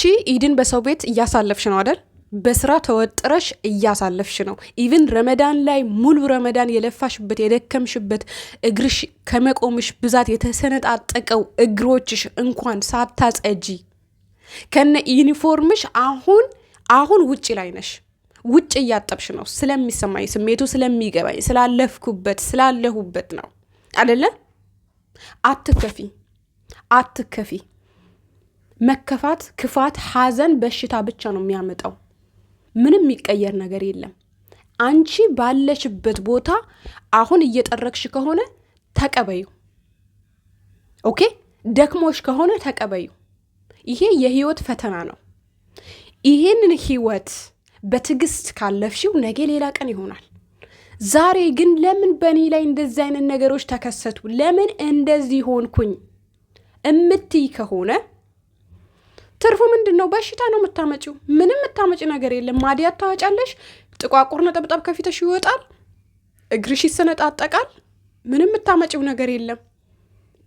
አንቺ ኢድን በሰው ቤት እያሳለፍሽ ነው አይደል? በስራ ተወጥረሽ እያሳለፍሽ ነው። ኢቭን ረመዳን ላይ ሙሉ ረመዳን የለፋሽበት የደከምሽበት እግርሽ ከመቆምሽ ብዛት የተሰነጣጠቀው እግሮችሽ እንኳን ሳታጸጂ ከነ ዩኒፎርምሽ አሁን አሁን ውጭ ላይ ነሽ። ውጭ እያጠብሽ ነው። ስለሚሰማኝ ስሜቱ ስለሚገባኝ ስላለፍኩበት ስላለሁበት ነው አደለ? አትከፊ፣ አትከፊ። መከፋት፣ ክፋት፣ ሐዘን፣ በሽታ ብቻ ነው የሚያመጣው። ምንም የሚቀየር ነገር የለም። አንቺ ባለሽበት ቦታ አሁን እየጠረግሽ ከሆነ ተቀበዩ። ኦኬ፣ ደክሞሽ ከሆነ ተቀበዩ። ይሄ የህይወት ፈተና ነው። ይሄንን ህይወት በትዕግስት ካለፍሽው ነገ ሌላ ቀን ይሆናል። ዛሬ ግን ለምን በእኔ ላይ እንደዚህ አይነት ነገሮች ተከሰቱ፣ ለምን እንደዚህ ሆንኩኝ እምትይ ከሆነ ትርፉ ምንድን ነው? በሽታ ነው የምታመጪው። ምንም የምታመጪ ነገር የለም። ማዲያ ታወጫለሽ፣ ጥቋቁር ነጠብጣብ ከፊተሽ ይወጣል፣ እግርሽ ይሰነጣጠቃል። ምንም የምታመጪው ነገር የለም።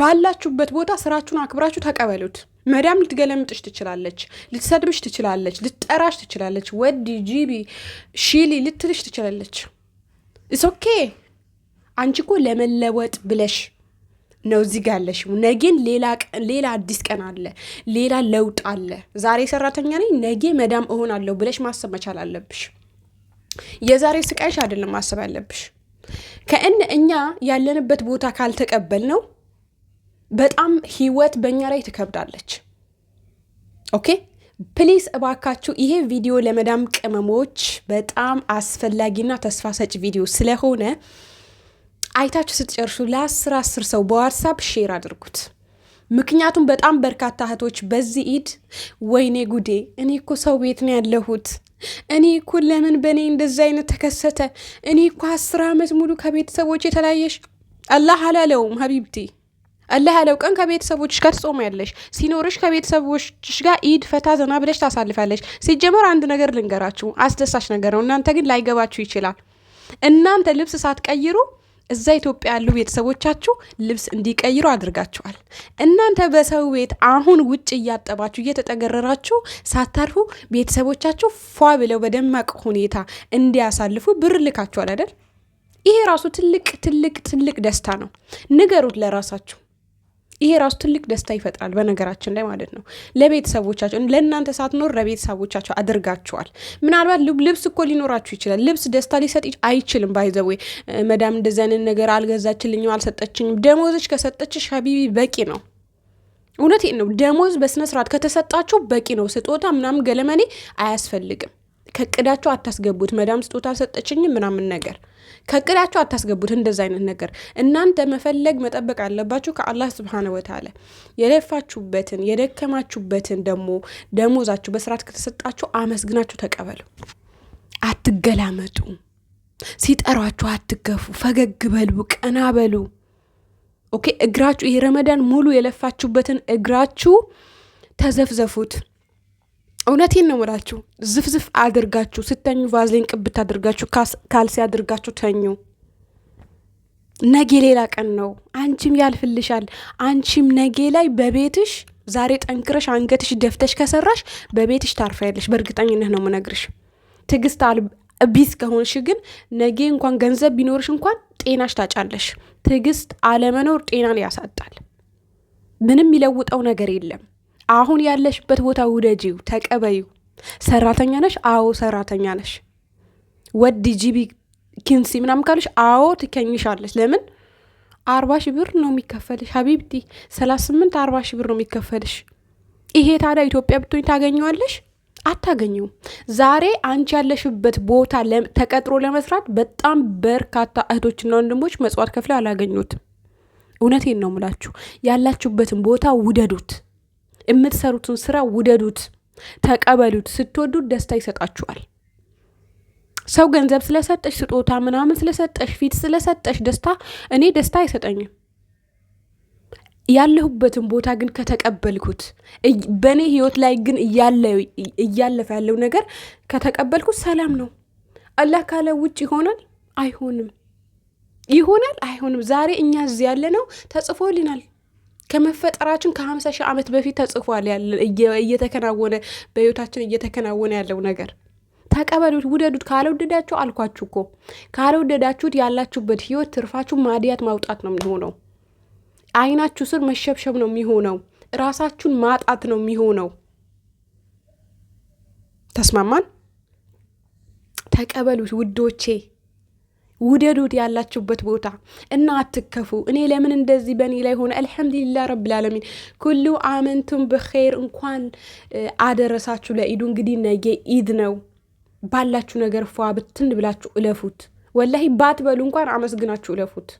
ባላችሁበት ቦታ ስራችሁን አክብራችሁ ተቀበሉት። መዳም ልትገለምጥሽ ትችላለች፣ ልትሰድብሽ ትችላለች፣ ልትጠራሽ ትችላለች፣ ወዲ ጂቢ ሺሊ ልትልሽ ትችላለች። ኢስ ኦኬ። አንቺ እኮ ለመለወጥ ብለሽ ነው እዚህ ጋር ያለሽው። ነጌን ሌላ አዲስ ቀን አለ፣ ሌላ ለውጥ አለ። ዛሬ ሰራተኛ ነኝ፣ ነጌ መዳም እሆናለሁ ብለሽ ማሰብ መቻል አለብሽ። የዛሬ ስቃይሽ አይደለም ማሰብ አለብሽ። ከእነ እኛ ያለንበት ቦታ ካልተቀበል ነው በጣም ህይወት በእኛ ላይ ትከብዳለች። ኦኬ ፕሊስ እባካችሁ ይሄ ቪዲዮ ለመዳም ቅመሞች በጣም አስፈላጊና ተስፋ ሰጭ ቪዲዮ ስለሆነ አይታችሁ ስትጨርሱ ለአስር አስር ሰው በዋትሳፕ ሼር አድርጉት። ምክንያቱም በጣም በርካታ እህቶች በዚህ ኢድ ወይኔ ጉዴ፣ እኔ እኮ ሰው ቤት ነው ያለሁት፣ እኔ እኮ ለምን በእኔ እንደዚህ አይነት ተከሰተ፣ እኔ እኮ አስር ዓመት ሙሉ ከቤተሰቦች የተለያየሽ። አላህ አላለውም ሀቢብቲ አላህ ያለው ቀን ከቤተሰቦች ጋር ትጾሚያለሽ፣ ሲኖርሽ ከቤተሰቦች ጋር ኢድ ፈታ ዘና ብለሽ ታሳልፋለሽ። ሲጀመር አንድ ነገር ልንገራችሁ፣ አስደሳች ነገር ነው። እናንተ ግን ላይገባችሁ ይችላል። እናንተ ልብስ ሳትቀይሩ እዛ ኢትዮጵያ ያሉ ቤተሰቦቻችሁ ልብስ እንዲቀይሩ አድርጋችኋል። እናንተ በሰው ቤት አሁን ውጭ እያጠባችሁ እየተጠገረራችሁ ሳታርፉ ቤተሰቦቻችሁ ፏ ብለው በደማቅ ሁኔታ እንዲያሳልፉ ብር ልካችኋል አይደል? ይሄ ራሱ ትልቅ ትልቅ ትልቅ ደስታ ነው። ንገሩት ለራሳችሁ ይሄ ራሱ ትልቅ ደስታ ይፈጥራል። በነገራችን ላይ ማለት ነው ለቤተሰቦቻቸው ለእናንተ ሳትኖር ለቤተሰቦቻቸው አድርጋቸዋል ምናልባት ልብስ እኮ ሊኖራችሁ ይችላል። ልብስ ደስታ ሊሰጥ አይችልም። ባይዘዌ መዳም እንደዚህ አይነት ነገር አልገዛችልኝም፣ አልሰጠችኝም። ደሞዝሽ ከሰጠችሽ ሀቢቢ በቂ ነው። እውነቴን ነው። ደሞዝ በስነስርዓት ከተሰጣችሁ በቂ ነው። ስጦታ ምናምን ገለመኔ አያስፈልግም። ከቅዳቸው አታስገቡት። መዳም ስጦታ ሰጠችኝ ምናምን ነገር ከቅዳቸው አታስገቡት። እንደዚ አይነት ነገር እናንተ መፈለግ መጠበቅ አለባችሁ ከአላህ ስብሓነ ወተዓላ። የለፋችሁበትን የደከማችሁበትን ደግሞ ደሞዛችሁ በስርዓት ከተሰጣችሁ አመስግናችሁ ተቀበሉ። አትገላመጡ። ሲጠሯችሁ አትገፉ። ፈገግ በሉ፣ ቀና በሉ። ኦኬ እግራችሁ ይህ ረመዳን ሙሉ የለፋችሁበትን እግራችሁ ተዘፍዘፉት። እውነቴን ነው ምላችሁ ዝፍዝፍ አድርጋችሁ ስተኙ ቫዝሊን ቅብት አድርጋችሁ ካልሲ አድርጋችሁ ተኙ። ነገ ሌላ ቀን ነው። አንቺም ያልፍልሻል። አንቺም ነገ ላይ በቤትሽ ዛሬ ጠንክረሽ አንገትሽ ደፍተሽ ከሰራሽ በቤትሽ ታርፋያለሽ። በእርግጠኝነት ነው ምነግርሽ። ትግስት ቢስ ከሆንሽ ግን ነገ እንኳን ገንዘብ ቢኖርሽ እንኳን ጤናሽ ታጫለሽ። ትዕግስት አለመኖር ጤናን ያሳጣል። ምንም ይለውጠው ነገር የለም። አሁን ያለሽበት ቦታ ውደጂው፣ ተቀበዩ። ሰራተኛ ነሽ? አዎ ሰራተኛ ነሽ። ወዲ ጂቢ ኪንሲ ምናምን ካሉሽ አዎ ትከኝሻለች። ለምን አርባ ሺ ብር ነው የሚከፈልሽ ሀቢብቲ፣ ሰላሳ ስምንት አርባ ሺ ብር ነው የሚከፈልሽ። ይሄ ታዲያ ኢትዮጵያ ብትሆኝ ታገኘዋለሽ? አታገኘውም። ዛሬ አንቺ ያለሽበት ቦታ ተቀጥሮ ለመስራት በጣም በርካታ እህቶችና ወንድሞች መጽዋት ከፍለ አላገኙትም። እውነቴን ነው ምላችሁ፣ ያላችሁበትን ቦታ ውደዱት። የምትሰሩትን ስራ ውደዱት፣ ተቀበሉት። ስትወዱት ደስታ ይሰጣችኋል። ሰው ገንዘብ ስለሰጠሽ፣ ስጦታ ምናምን ስለሰጠሽ፣ ፊት ስለሰጠሽ ደስታ እኔ ደስታ አይሰጠኝም። ያለሁበትን ቦታ ግን ከተቀበልኩት በእኔ ህይወት ላይ ግን እያለፈ ያለው ነገር ከተቀበልኩት ሰላም ነው። አላህ ካለ ውጭ ይሆናል አይሆንም፣ ይሆናል አይሆንም። ዛሬ እኛ እዚህ ያለ ነው ተጽፎልናል። ከመፈጠራችን ከሀምሳ ሺህ ዓመት በፊት ተጽፏል እየተከናወነ በህይወታችን እየተከናወነ ያለው ነገር ተቀበሉት፣ ውደዱት። ካልወደዳችሁ አልኳችሁ እኮ ካልወደዳችሁት ያላችሁበት ህይወት ትርፋችሁ ማዲያት ማውጣት ነው የሚሆነው። አይናችሁ ስር መሸብሸብ ነው የሚሆነው። ራሳችሁን ማጣት ነው የሚሆነው። ተስማማን? ተቀበሉት ውዶቼ። ውደዱት ያላችሁበት ቦታ እና አትከፉ። እኔ ለምን እንደዚህ በእኔ ላይ ሆነ? አልሐምዱሊላ ረብልዓለሚን ኩሉ አመንቱም ብኸይር እንኳን አደረሳችሁ ለኢዱ። እንግዲህ ነገ ኢድ ነው። ባላችሁ ነገር ፏ ብትን ብላችሁ እለፉት። ወላሂ ባትበሉ እንኳን አመስግናችሁ እለፉት።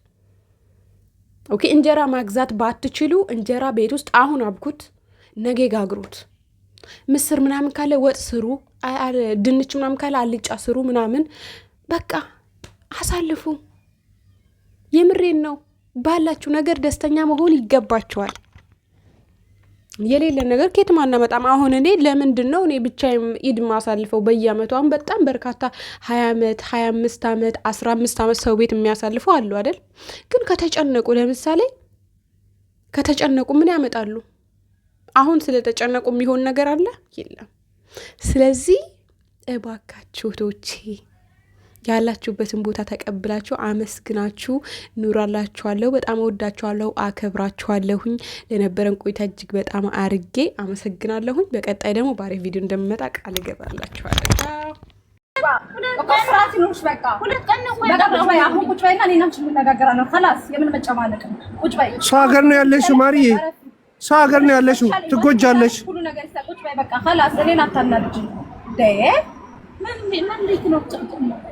ኦኬ እንጀራ ማግዛት ባትችሉ እንጀራ ቤት ውስጥ አሁን አብኩት፣ ነገ ጋግሩት። ምስር ምናምን ካለ ወጥ ስሩ፣ ድንች ምናምን ካለ አልጫ ስሩ ምናምን በቃ አሳልፉ። የምሬን ነው። ባላችሁ ነገር ደስተኛ መሆን ይገባችኋል። የሌለን ነገር ከየትም አናመጣም። አሁን እኔ ለምንድን ነው እኔ ብቻዬን ኢድ ማሳልፈው በየአመቱ? አሁን በጣም በርካታ ሀያ ዓመት ሀያ አምስት አመት አስራ አምስት ዓመት ሰው ቤት የሚያሳልፈው አሉ አይደል? ግን ከተጨነቁ ለምሳሌ ከተጨነቁ ምን ያመጣሉ? አሁን ስለተጨነቁ የሚሆን ነገር አለ የለም። ስለዚህ እባካችሁ ቶቼ ያላችሁበትን ቦታ ተቀብላችሁ አመስግናችሁ ኑራላችኋለሁ። በጣም ወዳችኋለሁ፣ አከብራችኋለሁኝ። ለነበረን ቆይታ እጅግ በጣም አርጌ አመሰግናለሁኝ። በቀጣይ ደግሞ ባሪፍ ቪዲዮ እንደምመጣ ቃል እገባላችኋለሁ። ሰው ሀገር ነው ያለሽው ማርዬ ሰው ሀገር ነው ያለሽው፣ ትጎጃለሽ። ሁሉ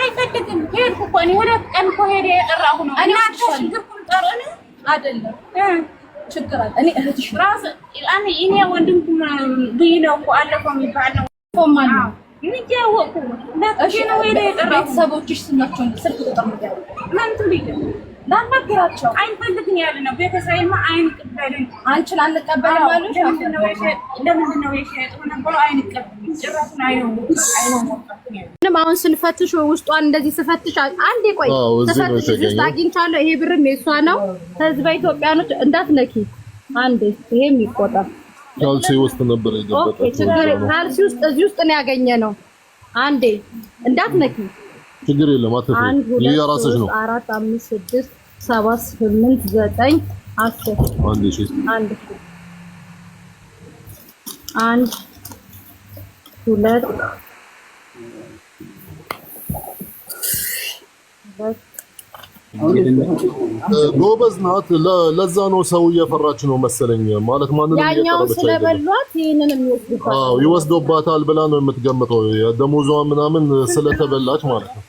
አይፈልግም። ሄድኩ እኮ እኔ ሁለት ቀን እኮ ሄደ የጠራሁ ነው። እኔ ሽግርኩን ጠርን አይደለም ችግር አለ። እኔ እህትሽ ራስ እኔ እኔ ወንድም ብይ ነው እኮ አለፈው የሚባል ነው እኮ ማለት ለእሺ ነው ሄደ የጠራሁ ቤተሰቦችሽ ስማቸውን ስልክ ቁጥር ምን ትልይ ላናገራቸው አይፈልግም ያለ ነው። ቤተሰብማ አይንቀበልም፣ አንቺን አንቀበልም አሉሽ። ለምንድን ነው የሸጥኩ ነበሩ አይንቀበልም ጭራሹን አይሆንም አይሆንም ምንም አሁን ስንፈትሽ ውስጧን እንደዚህ ስፈትሽ አንዴ ቆይ ተፈትሽ አግኝቻለሁ። ይሄ ብርም የሷ ነው። ህዝበ ኢትዮጵያኖች እንዳትነኪ አንዴ ይሄም ይቆጣል። ካልሲ ውስጥ ነበር ችግር ካልሲ ውስጥ እዚህ ውስጥ ነው ያገኘ ነው። አንዴ እንዳትነኪ ችግር የለም አትፈሪ። ይሄ የራስሽ ነው። አራት አምስት ስድስት ሰባት ስምንት ዘጠኝ አስር አንድ ሺ አንድ አንድ ሁለት ጎበዝ ናት። ለዛ ነው ሰው እየፈራች ነው መሰለኝ። ማለት ማንንም ያኛው ስለበሏት ይሄንንም ይወስዱባታል ብላ ነው የምትገምተው። ደሞዟ ምናምን ስለተበላች ማለት ነው።